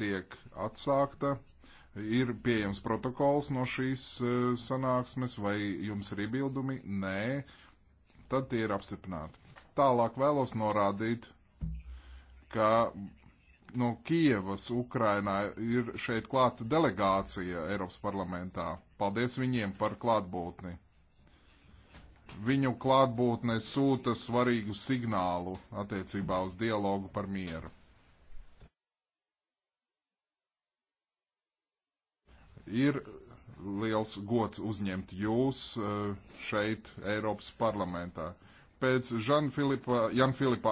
tiek atsākta. Ir pieejams protokols no šīs e, sanāksmes, vai jums ir iebildumi? Nē, tad tie ir apstiprināti. Tālāk vēlos norādīt, ka no Kievas, Ukrainā ir šeit klāta delegācija Eiropas parlamentā. Paldies viņiem par klātbūtni. Viņu klātbūtne sūta svarīgu signālu attiecībā uz dialogu par mieru. Ir liels gods uzņemt jūs eh, šeit, Eiropas parlamentā. Pēc Jan-Filipa